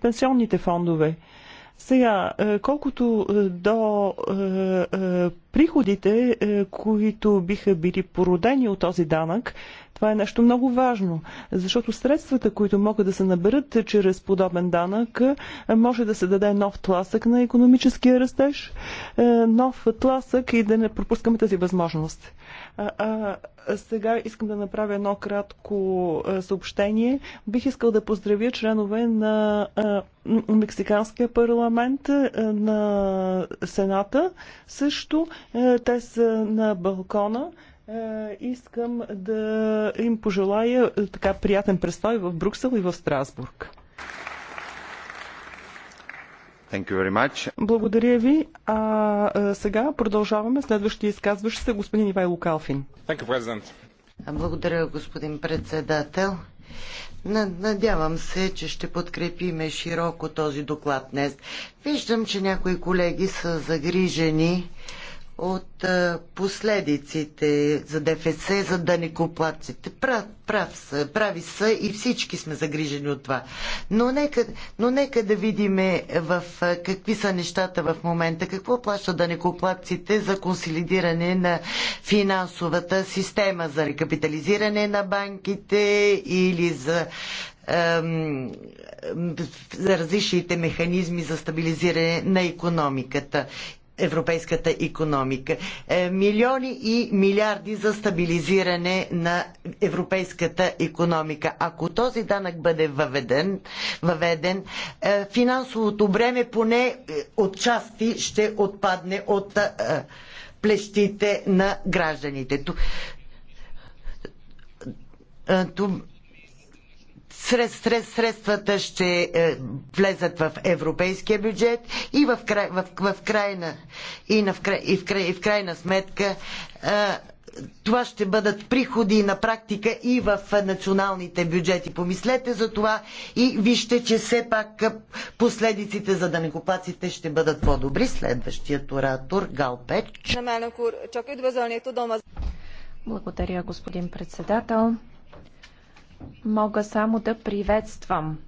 пенсионните фондове. Сега, е, колкото е, до е, приходите, които биха били породени от този данък, това е нещо много важно, защото средствата, които могат да се наберат чрез подобен данък, може да се даде нов тласък на економическия растеж, е, нов тласък и да не пропускаме тази възможност. А, сега искам да направя едно кратко е, съобщение. Бих искал да поздравя членове на е, Мексиканския парламент, на Сената. Също те са на балкона. Е, искам да им пожелая е, така приятен престой в Брюксел и в Страсбург. Благодаря ви. А, а, е, сега продължаваме. Следващия изказващ се господин Ивайло Калфин. You, Благодаря, господин председател. Надявам се, че ще подкрепиме широко този доклад днес. Виждам, че някои колеги са загрижени от последиците за ДФС, за данекоплаците. Прав, прав са, прави са и всички сме загрижени от това. Но нека, но нека да видим е, в какви са нещата в момента, какво плащат данекоплаците за консолидиране на финансовата система, за рекапитализиране на банките или за за различните механизми за стабилизиране на економиката европейската економика. Е, милиони и милиарди за стабилизиране на европейската економика. Ако този данък бъде въведен, въведен е, финансовото бреме поне е, от части ще отпадне от плещите на гражданите сред, сред, средствата ще е, влезат в европейския бюджет и в, край, в, в крайна и, на, и, в край, и в крайна сметка е, това ще бъдат приходи на практика и в националните бюджети. Помислете за това и вижте, че все пак последиците за данекопаците ще бъдат по-добри. Следващият оратор Гал Печ. Благодаря, господин председател. Мога само да приветствам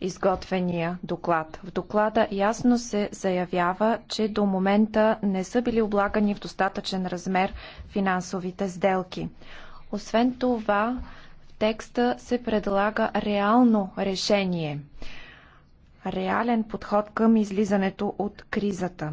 изготвения доклад. В доклада ясно се заявява, че до момента не са били облагани в достатъчен размер финансовите сделки. Освен това, в текста се предлага реално решение реален подход към излизането от кризата.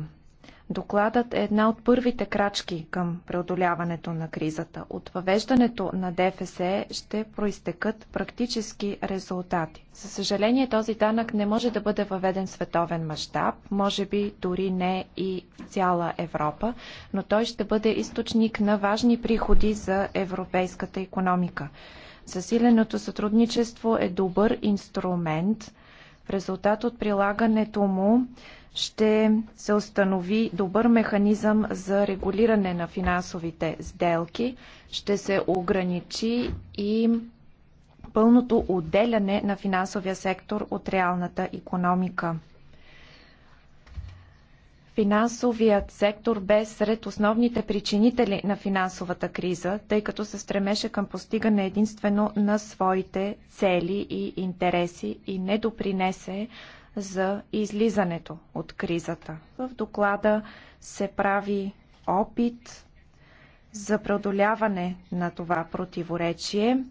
Докладът е една от първите крачки към преодоляването на кризата. От въвеждането на ДФСЕ ще проистекат практически резултати. За съжаление, този данък не може да бъде въведен в световен мащаб, може би дори не и в цяла Европа, но той ще бъде източник на важни приходи за европейската економика. Засиленото сътрудничество е добър инструмент – в резултат от прилагането му ще се установи добър механизъм за регулиране на финансовите сделки, ще се ограничи и пълното отделяне на финансовия сектор от реалната економика. Финансовият сектор бе сред основните причинители на финансовата криза, тъй като се стремеше към постигане единствено на своите цели и интереси и не допринесе за излизането от кризата. В доклада се прави опит за преодоляване на това противоречие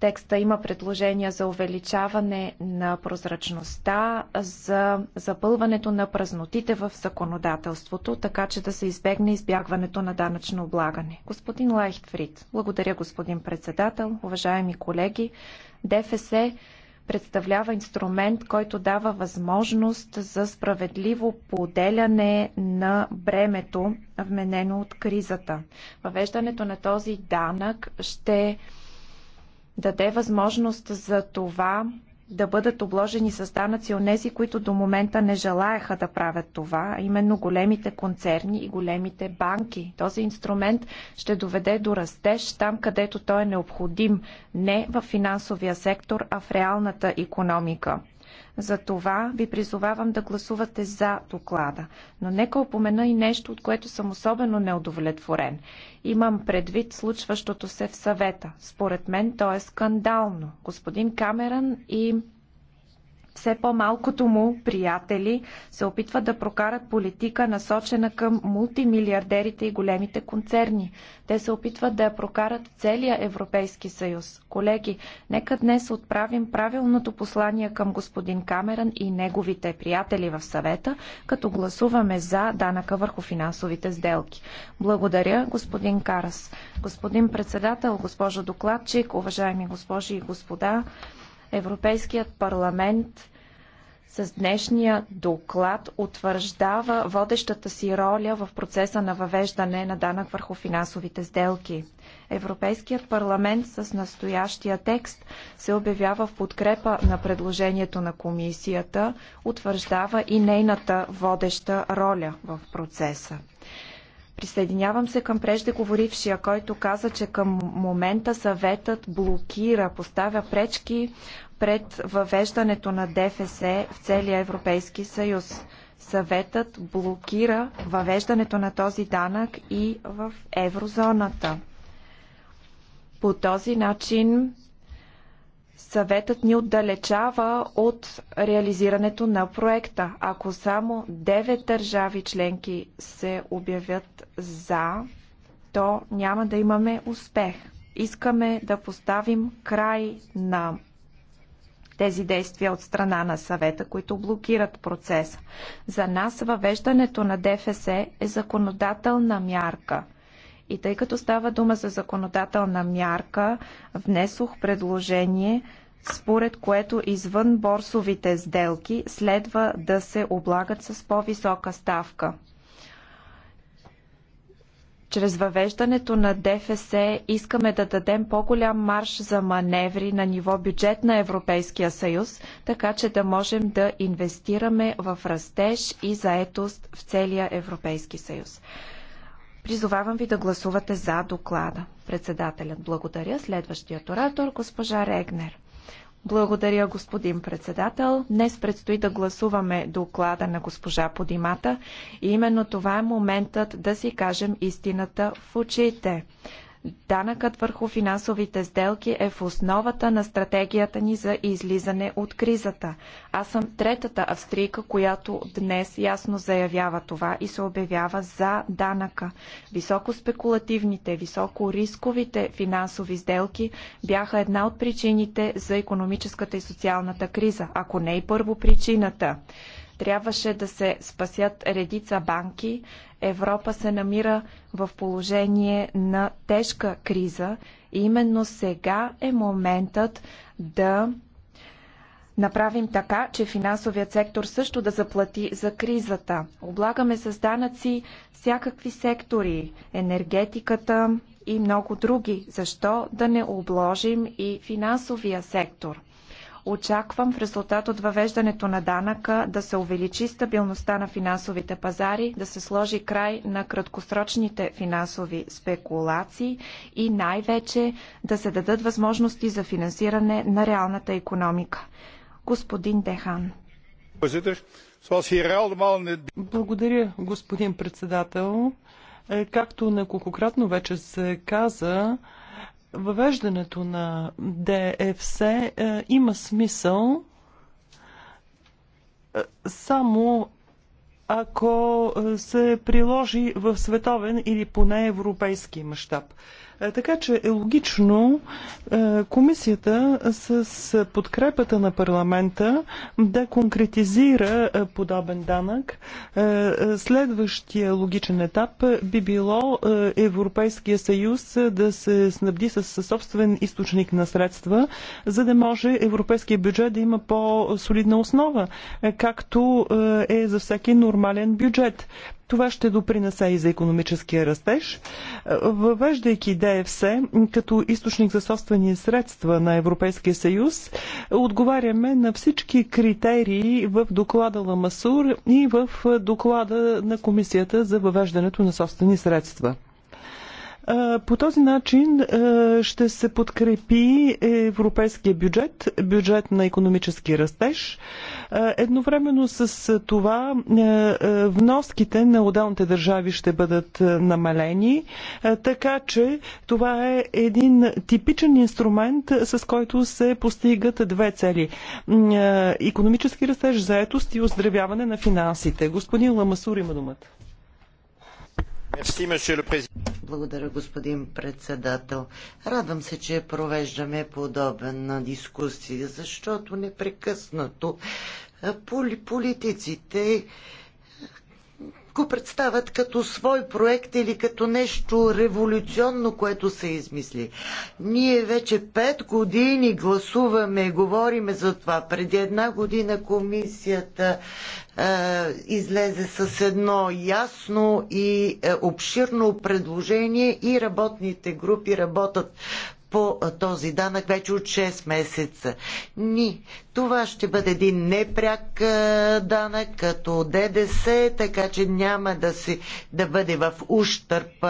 текста има предложения за увеличаване на прозрачността, за запълването на празнотите в законодателството, така че да се избегне избягването на данъчно облагане. Господин Лайхтфрид, благодаря господин председател, уважаеми колеги. ДФС представлява инструмент, който дава възможност за справедливо поделяне на бремето, вменено от кризата. Въвеждането на този данък ще даде възможност за това да бъдат обложени с данъци тези, които до момента не желаяха да правят това, а именно големите концерни и големите банки. Този инструмент ще доведе до растеж там, където той е необходим, не в финансовия сектор, а в реалната економика. За това ви призовавам да гласувате за доклада. Но нека опомена и нещо, от което съм особено неудовлетворен. Имам предвид случващото се в съвета. Според мен то е скандално. Господин Камеран и все по-малкото му приятели се опитват да прокарат политика насочена към мултимилиардерите и големите концерни. Те се опитват да я прокарат в целия Европейски съюз. Колеги, нека днес отправим правилното послание към господин Камеран и неговите приятели в съвета, като гласуваме за данъка върху финансовите сделки. Благодаря, господин Карас. Господин председател, госпожо докладчик, уважаеми госпожи и господа, Европейският парламент с днешния доклад утвърждава водещата си роля в процеса на въвеждане на данък върху финансовите сделки. Европейският парламент с настоящия текст се обявява в подкрепа на предложението на комисията, утвърждава и нейната водеща роля в процеса. Присъединявам се към преждеговорившия, който каза, че към момента съветът блокира, поставя пречки пред въвеждането на ДФС в целия Европейски съюз. Съветът блокира въвеждането на този данък и в еврозоната. По този начин съветът ни отдалечава от реализирането на проекта. Ако само 9 държави членки се обявят за, то няма да имаме успех. Искаме да поставим край на тези действия от страна на съвета, които блокират процеса. За нас въвеждането на ДФС е законодателна мярка – и тъй като става дума за законодателна мярка, внесох предложение, според което извън борсовите сделки следва да се облагат с по-висока ставка. Чрез въвеждането на ДФС искаме да дадем по-голям марш за маневри на ниво бюджет на Европейския съюз, така че да можем да инвестираме в растеж и заетост в целия Европейски съюз. Призовавам ви да гласувате за доклада. Председателят благодаря. Следващият оратор, госпожа Регнер. Благодаря, господин председател. Днес предстои да гласуваме доклада на госпожа Подимата и именно това е моментът да си кажем истината в очите. Данъкът върху финансовите сделки е в основата на стратегията ни за излизане от кризата. Аз съм третата австрийка, която днес ясно заявява това и се обявява за данъка. Високо спекулативните, високо рисковите финансови сделки бяха една от причините за економическата и социалната криза, ако не и първо причината. Трябваше да се спасят редица банки. Европа се намира в положение на тежка криза. И именно сега е моментът да направим така, че финансовият сектор също да заплати за кризата. Облагаме с данъци всякакви сектори енергетиката и много други. Защо да не обложим и финансовия сектор? Очаквам в резултат от въвеждането на данъка да се увеличи стабилността на финансовите пазари, да се сложи край на краткосрочните финансови спекулации и най-вече да се дадат възможности за финансиране на реалната економика. Господин Дехан. Благодаря, господин председател. Е, както неколкократно вече се каза, въвеждането на ДФС е, има смисъл е, само ако е, се приложи в световен или поне европейски мащаб. Е, така че е логично е, комисията с подкрепата на парламента да конкретизира е, подобен данък. Следващия логичен етап би било Европейския съюз да се снабди с собствен източник на средства, за да може европейския бюджет да има по-солидна основа, както е за всеки нормален бюджет. Това ще допринесе и за економическия растеж. Е, въвеждайки ДФС като източник за собствени средства на Европейския съюз, отговаряме на всички критерии в доклада Ламасур и в е, доклада на Комисията за въвеждането на собствени средства. По този начин ще се подкрепи европейския бюджет, бюджет на економически растеж. Едновременно с това вноските на отделните държави ще бъдат намалени, така че това е един типичен инструмент, с който се постигат две цели. Економически растеж, заетост и оздравяване на финансите. Господин Ламасур има думата. Благодаря, господин председател. Радвам се, че провеждаме подобна дискусия, защото непрекъснато политиците го представят като свой проект или като нещо революционно, което се измисли. Ние вече пет години гласуваме говориме за това. Преди една година комисията е, излезе с едно ясно и е, обширно предложение и работните групи работят по този данък вече от 6 месеца. Ни, това ще бъде един непряк данък като ДДС, така че няма да, си, да бъде в ущърп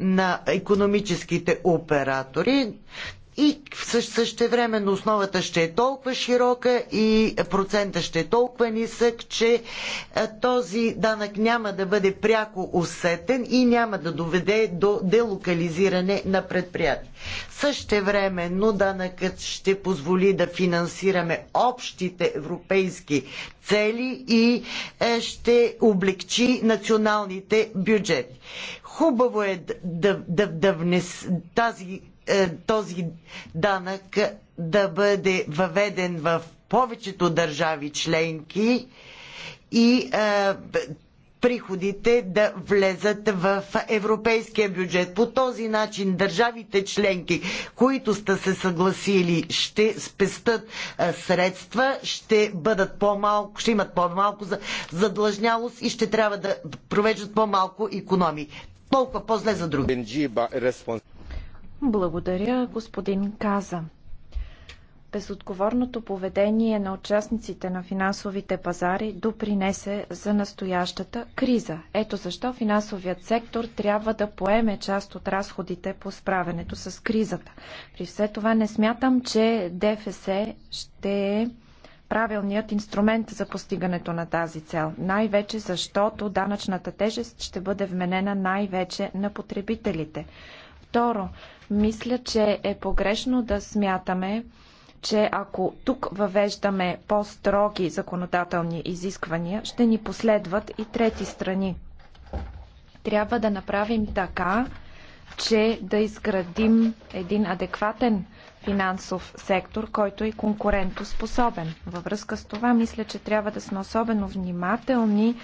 на економическите оператори и време основата ще е толкова широка и процента ще е толкова нисък, че този данък няма да бъде пряко усетен и няма да доведе до делокализиране на предприятия. Същевременно данъкът ще позволи да финансираме общите европейски цели и е, ще облегчи националните бюджети. Хубаво е да, да, да внес тази е, този данък да бъде въведен в повечето държави членки и е, приходите да влезат в европейския бюджет. По този начин държавите членки, които сте се съгласили, ще спестат е, средства, ще, бъдат по-малко, ще имат по-малко задлъжнялост и ще трябва да провеждат по-малко економии. Толкова по-зле за други. Благодаря, господин Каза. Безотговорното поведение на участниците на финансовите пазари допринесе за настоящата криза. Ето защо финансовият сектор трябва да поеме част от разходите по справянето с кризата. При все това не смятам, че ДФС ще е правилният инструмент за постигането на тази цел. Най-вече защото данъчната тежест ще бъде вменена най-вече на потребителите. Второ, мисля, че е погрешно да смятаме, че ако тук въвеждаме по-строги законодателни изисквания, ще ни последват и трети страни. Трябва да направим така, че да изградим един адекватен финансов сектор, който е конкурентоспособен. Във връзка с това, мисля, че трябва да сме особено внимателни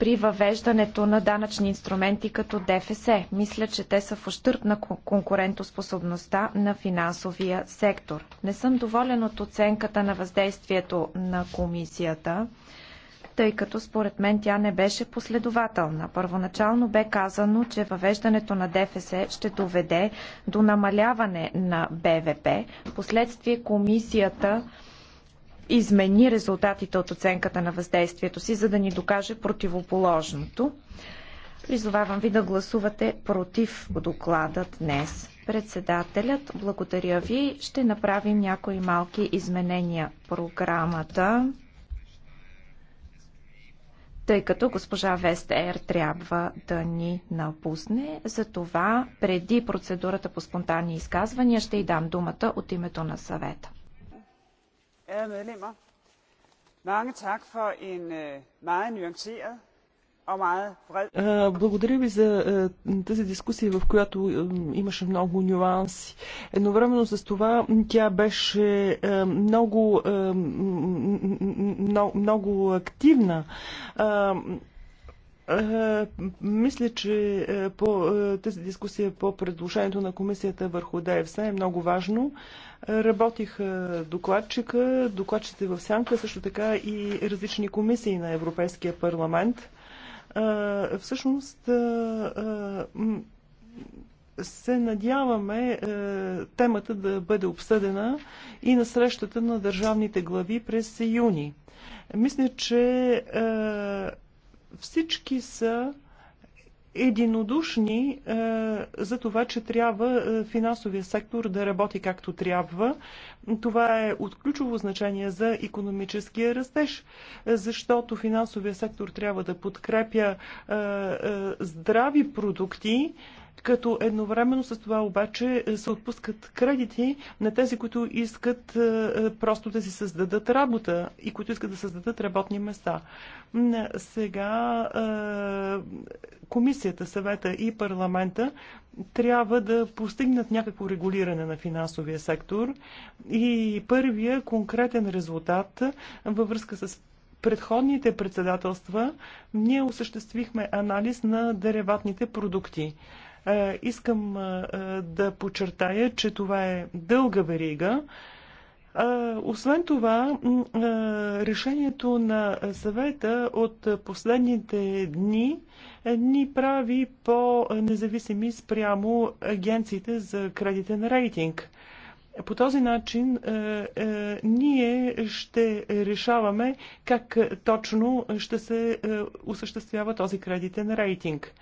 при въвеждането на данъчни инструменти като ДФС. Мисля, че те са в ущърп на конкурентоспособността на финансовия сектор. Не съм доволен от оценката на въздействието на комисията, тъй като според мен тя не беше последователна. Първоначално бе казано, че въвеждането на ДФС ще доведе до намаляване на БВП. Последствие комисията измени резултатите от оценката на въздействието си, за да ни докаже противоположното. Призовавам ви да гласувате против доклада днес. Председателят, благодаря ви. Ще направим някои малки изменения в програмата, тъй като госпожа Вестер трябва да ни напусне. Затова преди процедурата по спонтанни изказвания ще й дам думата от името на съвета ærede medlemmer mange tak for en øh, meget nuanceret og meget Uh, Благодаря ви за е, тази дискусия, в която е, имаше много нюанси. Едновременно с това тя беше много, много, много активна мисля, че е, по е, тази дискусия по предложението на комисията върху ДФС е много важно. Работих е, докладчика, докладчите в Сянка, също така и различни комисии на Европейския парламент. Всъщност се надяваме е, темата да бъде обсъдена и на срещата на държавните глави през юни. Мисля, че е, всички са единодушни е, за това, че трябва е, финансовия сектор да работи както трябва. Това е от ключово значение за економическия растеж, защото финансовия сектор трябва да подкрепя е, е, здрави продукти, е, като едновременно с това обаче е, се отпускат кредити на тези, които искат е, е, просто да си създадат работа и които искат да създадат работни места. Сега комисията, съвета и парламента трябва да постигнат някакво регулиране на финансовия сектор и първия конкретен резултат във връзка с предходните председателства ние осъществихме анализ на дереватните продукти. Искам да подчертая, че това е дълга верига. Освен това, решението на съвета от последните дни е, ни прави по-независими спрямо агенциите за кредитен рейтинг. По този начин е, е, ние ще решаваме как точно ще се е, осъществява този кредитен рейтинг.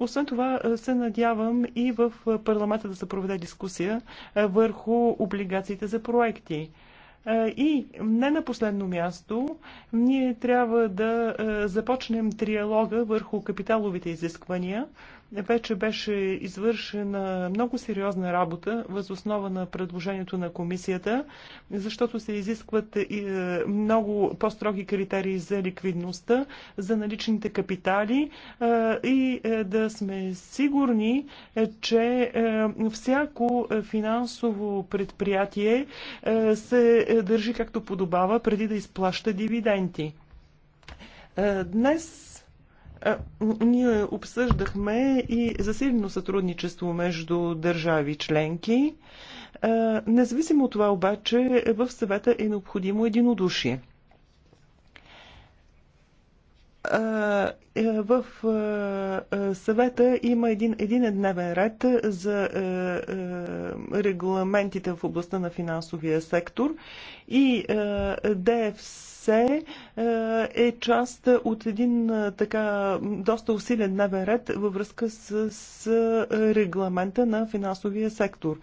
Освен това, се надявам и в парламента да се проведе дискусия върху облигациите за проекти. И не на последно място, ние трябва да започнем триалога върху капиталовите изисквания вече беше извършена много сериозна работа въз основа на предложението на комисията, защото се изискват е, много по-строги критерии за ликвидността, за наличните капитали е, и е, да сме сигурни, че всяко финансово предприятие се държи както подобава преди да изплаща дивиденти. Днес ние обсъждахме и засилено сътрудничество между държави членки. Независимо от това обаче в съвета е необходимо единодушие. Е, в съвета има един, един дневен ред за е, е, регламентите в областта на финансовия сектор и ДФС е част от един така доста усилен дневен ред във връзка с регламента на финансовия сектор.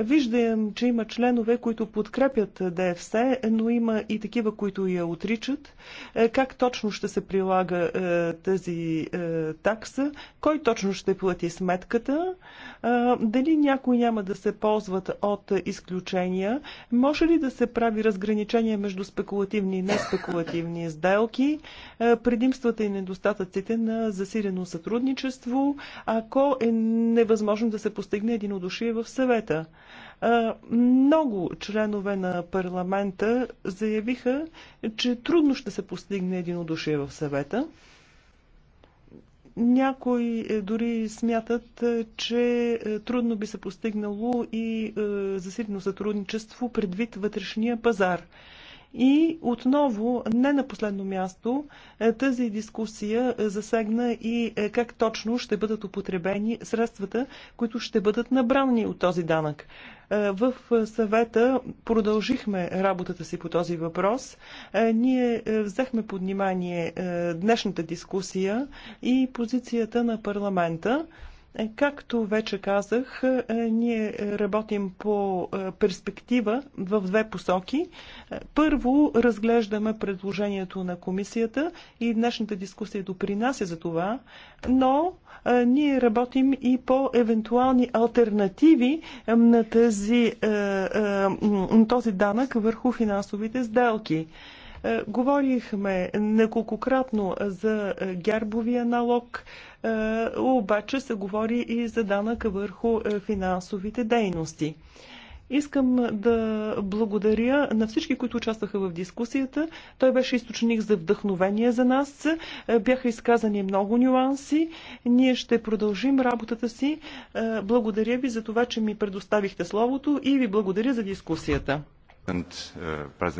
Виждам, че има членове, които подкрепят ДФС, но има и такива, които я отричат. Е, как точно ще се прилага е, тази е, такса? Кой точно ще плати сметката? Дали някой няма да се ползват от изключения? Може ли да се прави разграничение между спекулативни и неспекулативни сделки? Предимствата и недостатъците на засилено сътрудничество, ако е невъзможно да се постигне единодушие в съвета? Много членове на парламента заявиха, че трудно ще се постигне единодушие в съвета. Някои е, дори смятат, е, че е, трудно би се постигнало и засилено сътрудничество предвид вътрешния пазар. И отново, не на последно място, е, тази дискусия засегна и е, как точно ще бъдат употребени средствата, които ще бъдат набрани от този данък. Е, в съвета продължихме работата си по този въпрос. Ние взехме под внимание днешната дискусия и позицията на парламента. Е, както вече казах, е, ние работим по е, перспектива в две посоки. Първо, разглеждаме предложението на комисията и днешната дискусия допринася за това, но ние работим и по евентуални альтернативи на тази, на този данък върху финансовите сделки. Говорихме неколкократно за гербовия налог, е, обаче се говори и за данъка върху е, финансовите дейности. Искам да благодаря на всички, които участваха в дискусията. Той беше източник за вдъхновение за нас. Е, бяха изказани много нюанси. Ние ще продължим работата си. Благодаря ви за това, че ми предоставихте словото и ви благодаря за дискусията.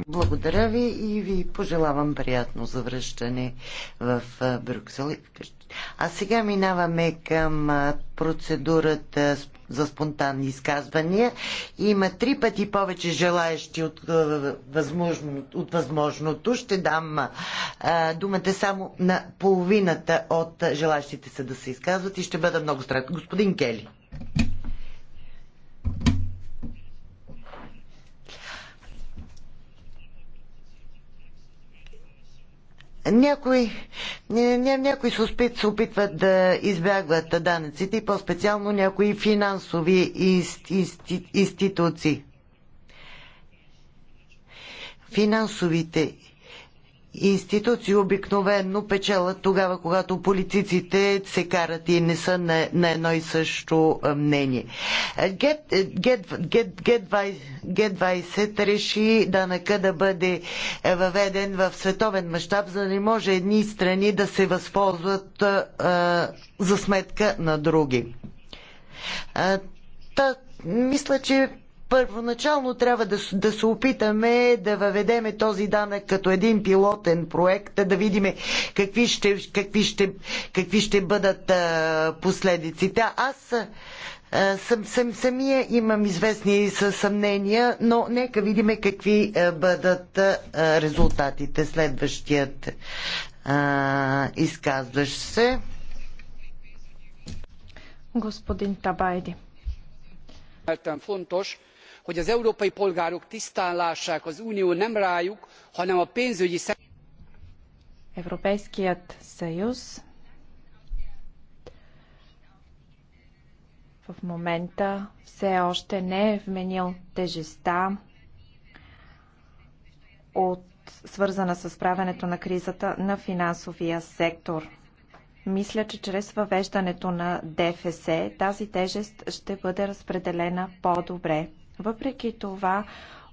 Благодаря ви и ви пожелавам приятно завръщане в Брюксел. А сега минаваме към процедурата за спонтанни изказвания. Има три пъти повече желаящи от, възможно, от възможното. Ще дам а, думата само на половината от желаящите се да се изказват и ще бъда много страт. Господин Кели. Някои, ня, ня, някои се, успит, се опитват да избягват данъците и по-специално някои финансови инст, инст, институции. Финансовите институции обикновенно печелят тогава, когато политиците се карат и не са на, на едно и също мнение. Е, г 20 е, реши данъка да бъде е, въведен в световен мащаб, за да не може едни страни да се възползват а, за сметка на други. А, та, мисля, че Първоначално трябва да, да се опитаме да въведеме този данък като един пилотен проект, да видим какви ще, какви ще, какви ще бъдат а, последиците. Аз а, съм, съм, самия имам известни съмнения, но нека видим какви а, бъдат а, резултатите. Следващият а, изказващ се. Господин Табайди hogy az európai polgárok tisztán lássák az unió nem rájuk hanem a pénzügyi Европейският съюз в момента все още не е вменил тежеста от свързана с справянето на кризата на финансовия сектор. Мисля, че чрез въвеждането на ДФС тази тежест ще бъде разпределена по-добре. Въпреки това,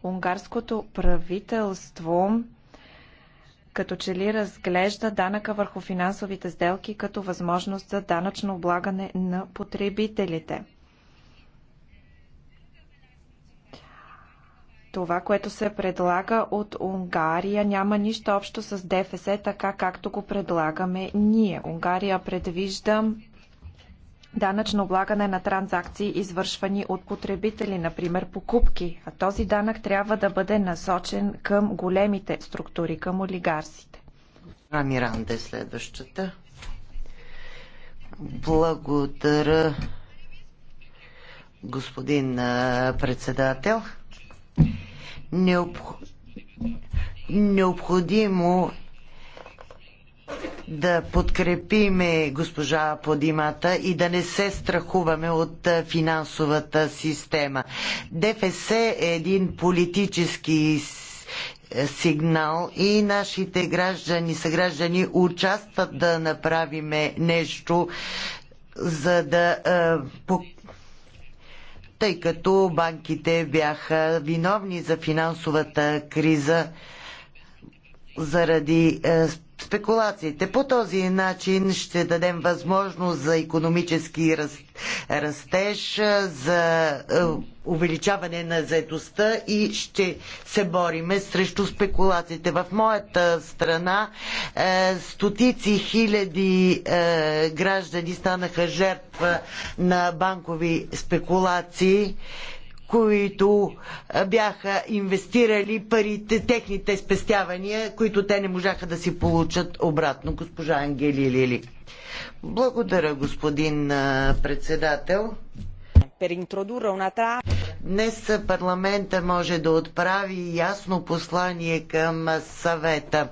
унгарското правителство като че ли разглежда данъка върху финансовите сделки като възможност за данъчно облагане на потребителите. Това, което се предлага от Унгария, няма нищо общо с ДФС, така както го предлагаме ние. Унгария предвижда данъчно облагане на транзакции, извършвани от потребители, например покупки. А този данък трябва да бъде насочен към големите структури, към олигарсите. Амиранда е следващата. Благодаря, господин председател. Необходимо да подкрепиме госпожа Подимата и да не се страхуваме от финансовата система. ДФС е един политически е, сигнал и нашите граждани, съграждани участват да направиме нещо, за да тъй като банките бяха виновни за финансовата криза заради спекулациите. По този начин ще дадем възможност за економически растеж, за е, увеличаване на заедостта и ще се бориме срещу спекулациите. В моята страна е, стотици хиляди е, граждани станаха жертва на банкови спекулации които бяха инвестирали парите, техните спестявания, които те не можаха да си получат обратно. Госпожа Ангели Лили. Благодаря, господин председател. Днес парламента може да отправи ясно послание към съвета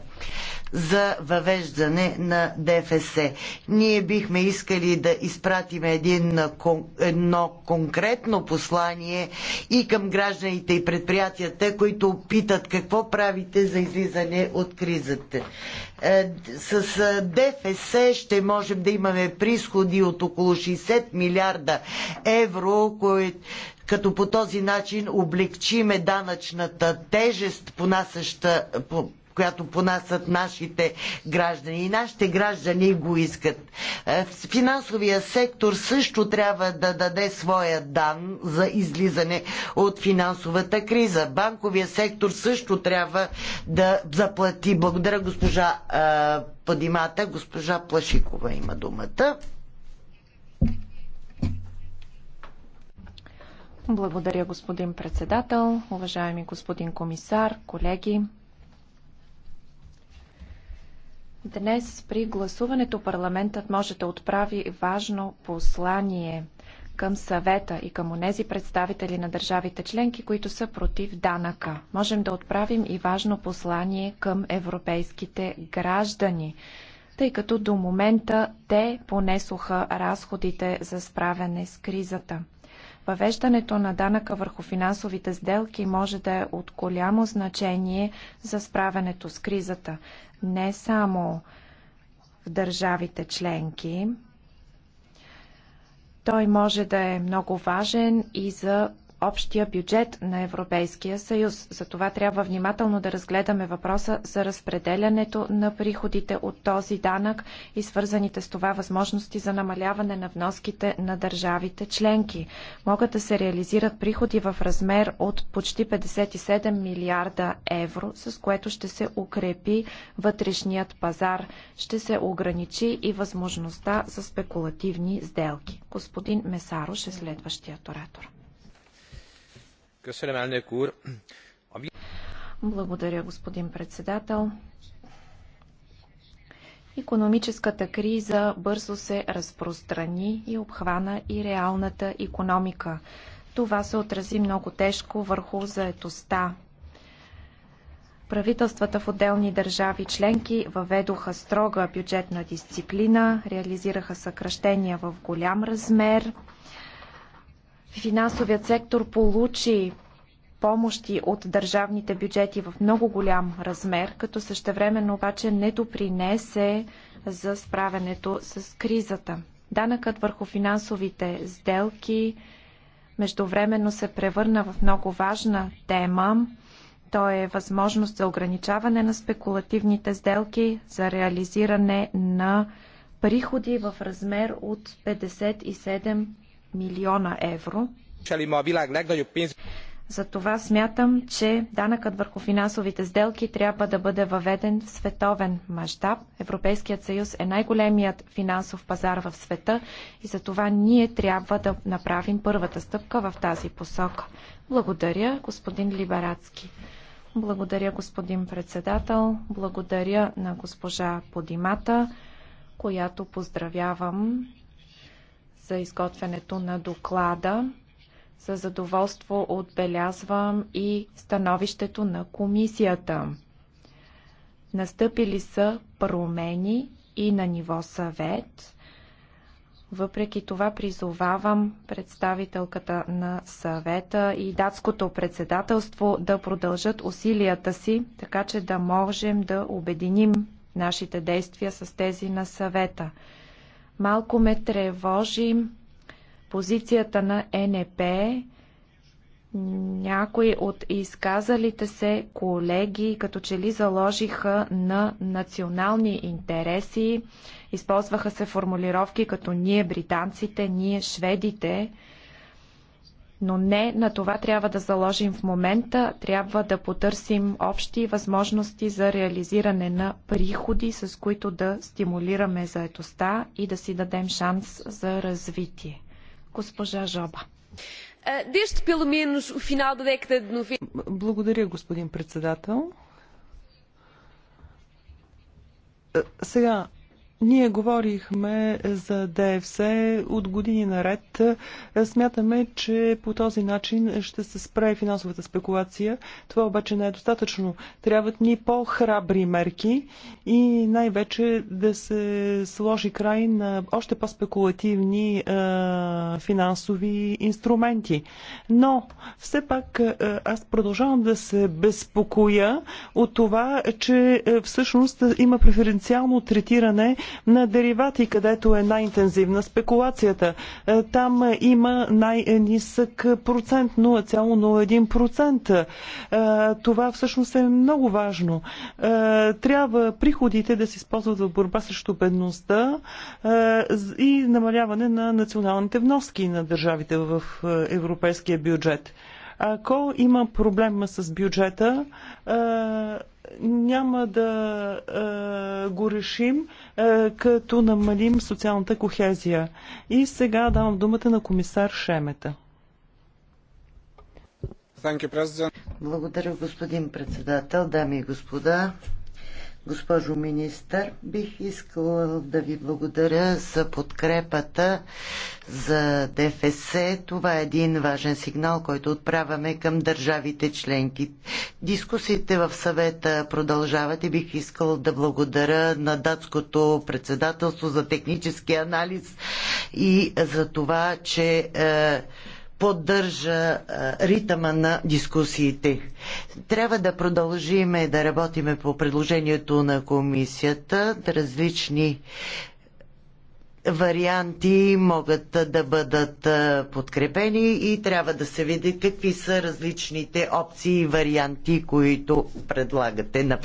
за въвеждане на ДФС. Ние бихме искали да изпратим един, едно конкретно послание и към гражданите и предприятията, които питат какво правите за излизане от кризата. Е, с ДФС ще можем да имаме присходи от около 60 милиарда евро, които като по този начин облегчиме данъчната тежест, понасяща, която понасят нашите граждани. И нашите граждани го искат. Е, финансовия сектор също трябва да даде своя дан за излизане от финансовата криза. Банковия сектор също трябва да заплати. Благодаря госпожа е, Падимата. Госпожа Плашикова има думата. Благодаря, господин председател, уважаеми господин комисар, колеги. Днес при гласуването парламентът може да отправи важно послание към съвета и към онези представители на държавите членки, които са против данъка. Можем да отправим и важно послание към европейските граждани, тъй като до момента те понесоха разходите за справяне с кризата. Въвеждането на данъка върху финансовите сделки може да е от голямо значение за справянето с кризата. Не само в държавите членки. Той може да е много важен и за общия бюджет на Европейския съюз. Затова трябва внимателно да разгледаме въпроса за разпределянето на приходите от този данък и свързаните с това възможности за намаляване на вноските на държавите членки. Могат да се реализират приходи в размер от почти 57 милиарда евро, с което ще се укрепи вътрешният пазар. Ще се ограничи и възможността за спекулативни сделки. Господин Месарош е следващият оратор. Благодаря, господин председател. Економическата криза бързо се разпространи и обхвана и реалната економика. Това се отрази много тежко върху заетостта. Правителствата в отделни държави членки въведоха строга бюджетна дисциплина, реализираха съкръщения в голям размер, Финансовият сектор получи помощи от държавните бюджети в много голям размер, като същевременно обаче не допринесе за справянето с кризата. Данъкът върху финансовите сделки междувременно се превърна в много важна тема. Той е възможност за ограничаване на спекулативните сделки, за реализиране на приходи в размер от 57 милиона евро. Затова смятам, че данъкът върху финансовите сделки трябва да бъде въведен в световен мащаб. Европейският съюз е най-големият финансов пазар в света и затова ние трябва да направим първата стъпка в тази посока. Благодаря, господин Либарацки. Благодаря, господин председател. Благодаря на госпожа Подимата, която поздравявам за изготвянето на доклада. Със задоволство отбелязвам и становището на комисията. Настъпили са промени и на ниво съвет. Въпреки това призовавам представителката на съвета и датското председателство да продължат усилията си, така че да можем да обединим нашите действия с тези на съвета. Малко ме тревожи позицията на НП. Някои от изказалите се колеги като че ли заложиха на национални интереси, използваха се формулировки като ние британците, ние шведите. Но не на това трябва да заложим в момента. Трябва да потърсим общи възможности за реализиране на приходи, с които да стимулираме заетостта и да си дадем шанс за развитие. Госпожа Жоба. Е, Благодаря, господин председател. Е, сега, ние говорихме за ДФС от години наред. Смятаме, че по този начин ще се спре финансовата спекулация. Това обаче не е достатъчно. Трябват ни по-храбри мерки и най-вече да се сложи край на още по-спекулативни е, финансови инструменти. Но все пак е, аз продължавам да се безпокоя от това, че е, всъщност има преференциално третиране на деривати, където е най-интензивна спекулацията. Е, там има най-нисък процент 0,01%. Е, това всъщност е много важно. Е, трябва приходите да се използват в борба срещу бедността и намаляване на националните вноски на държавите в европейския бюджет. Ако има проблем с бюджета, няма да го решим е, като намалим социалната кохезия. И сега давам думата на комисар Шемета. Благодаря, господин председател, дами и господа. Госпожо министър, бих искала да ви благодаря за подкрепата за ДФС. Това е един важен сигнал, който отправяме към държавите членки. Дискусиите в съвета продължават и бих искала да благодаря на датското председателство за технически анализ и за това, че е, поддържа ритъма на дискусиите. Трябва да продължиме да работиме по предложението на комисията, различни варианти могат да бъдат подкрепени и трябва да се види какви са различните опции и варианти, които предлагате. На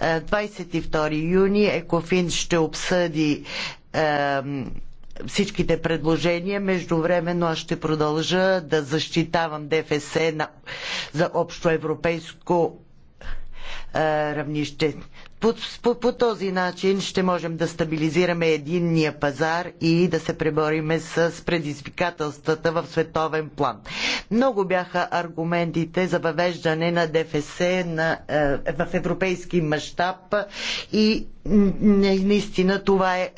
22 юни Екофин ще обсъди всичките предложения. Междувременно аз ще продължа да защитавам ДФС на, за общоевропейско е, равнище. По, по, по този начин ще можем да стабилизираме единния пазар и да се пребориме с предизвикателствата в световен план. Много бяха аргументите за въвеждане на ДФС на, е, в европейски мащаб и наистина това е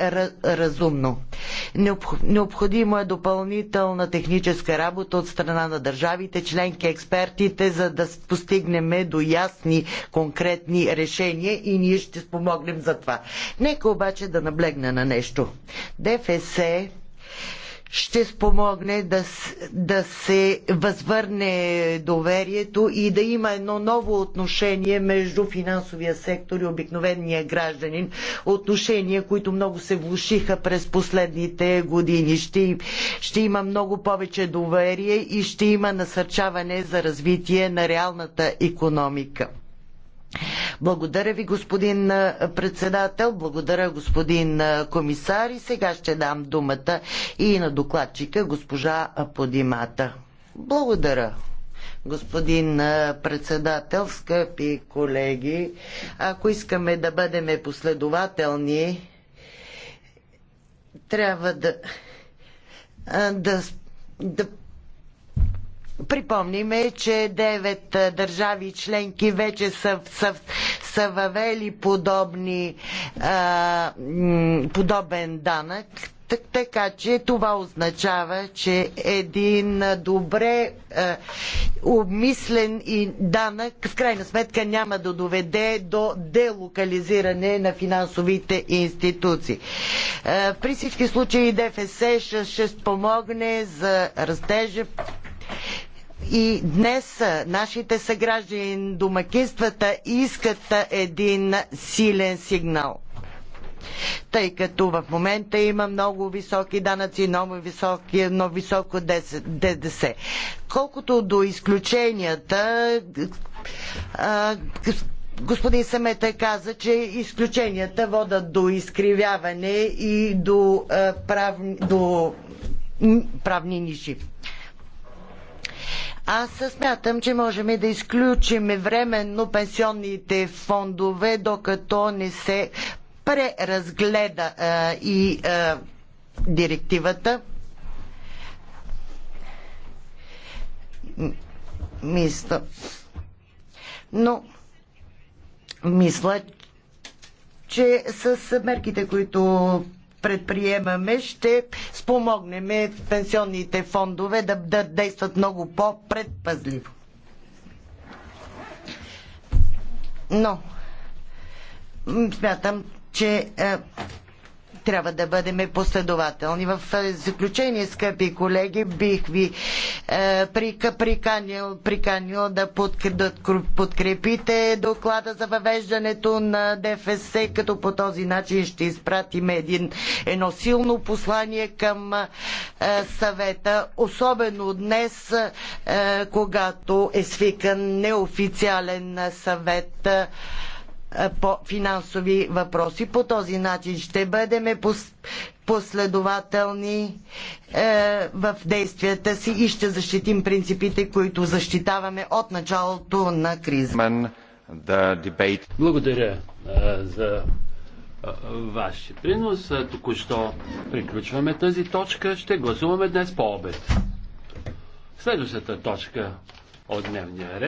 разумно. Необходимо е допълнителна техническа работа от страна на държавите, членки, експертите, за да постигнем до ясни, конкретни решения и ни ние ще спомогнем за това. Нека обаче да наблегна на нещо. ДФС ще спомогне да, да се възвърне доверието и да има едно ново отношение между финансовия сектор и обикновения гражданин. Отношения, които много се влушиха през последните години. Ще, ще има много повече доверие и ще има насърчаване за развитие на реалната економика. Благодаря ви, господин председател. Благодаря, господин комисар. И сега ще дам думата и на докладчика, госпожа Подимата. Благодаря. Господин председател, скъпи колеги, ако искаме да бъдем последователни, трябва да, да, да Припомниме, че девет държави членки вече са, са, са въвели подобни, а, подобен данък, така че това означава, че един добре е, обмислен и данък в крайна сметка няма да доведе до делокализиране на финансовите институции. Е, при всички случаи ДФС ще, ще спомогне за растежа и днес нашите съграждани, домакинствата искат един силен сигнал. Тъй като в момента има много високи данъци, много високи, но високо ДДС. Колкото до изключенията, господин Самета каза, че изключенията водат до изкривяване и до, прав... до правни ниши. Аз смятам, че можем да изключим временно пенсионните фондове, докато не се преразгледа а, и а, директивата. Мисля. Но мисля, че с мерките, които предприемаме, ще спомогнем пенсионните фондове да, да действат много по-предпазливо. Но, смятам, че е, трябва да бъдем последователни. В е, заключение, скъпи колеги, бих ви е, приканил, приканил да, подкрепите доклада за въвеждането на ДФС, като по този начин ще изпратим един, едно силно послание към е, съвета, особено днес, е, когато е свикан неофициален съвет. Е, е, по финансови въпроси. По този начин ще бъдем последователни е, в действията си и ще защитим принципите, които защитаваме от началото на криза. Благодаря е, за вашия принос. Току-що приключваме тази точка. Ще гласуваме днес по обед. Следващата точка от дневния ред.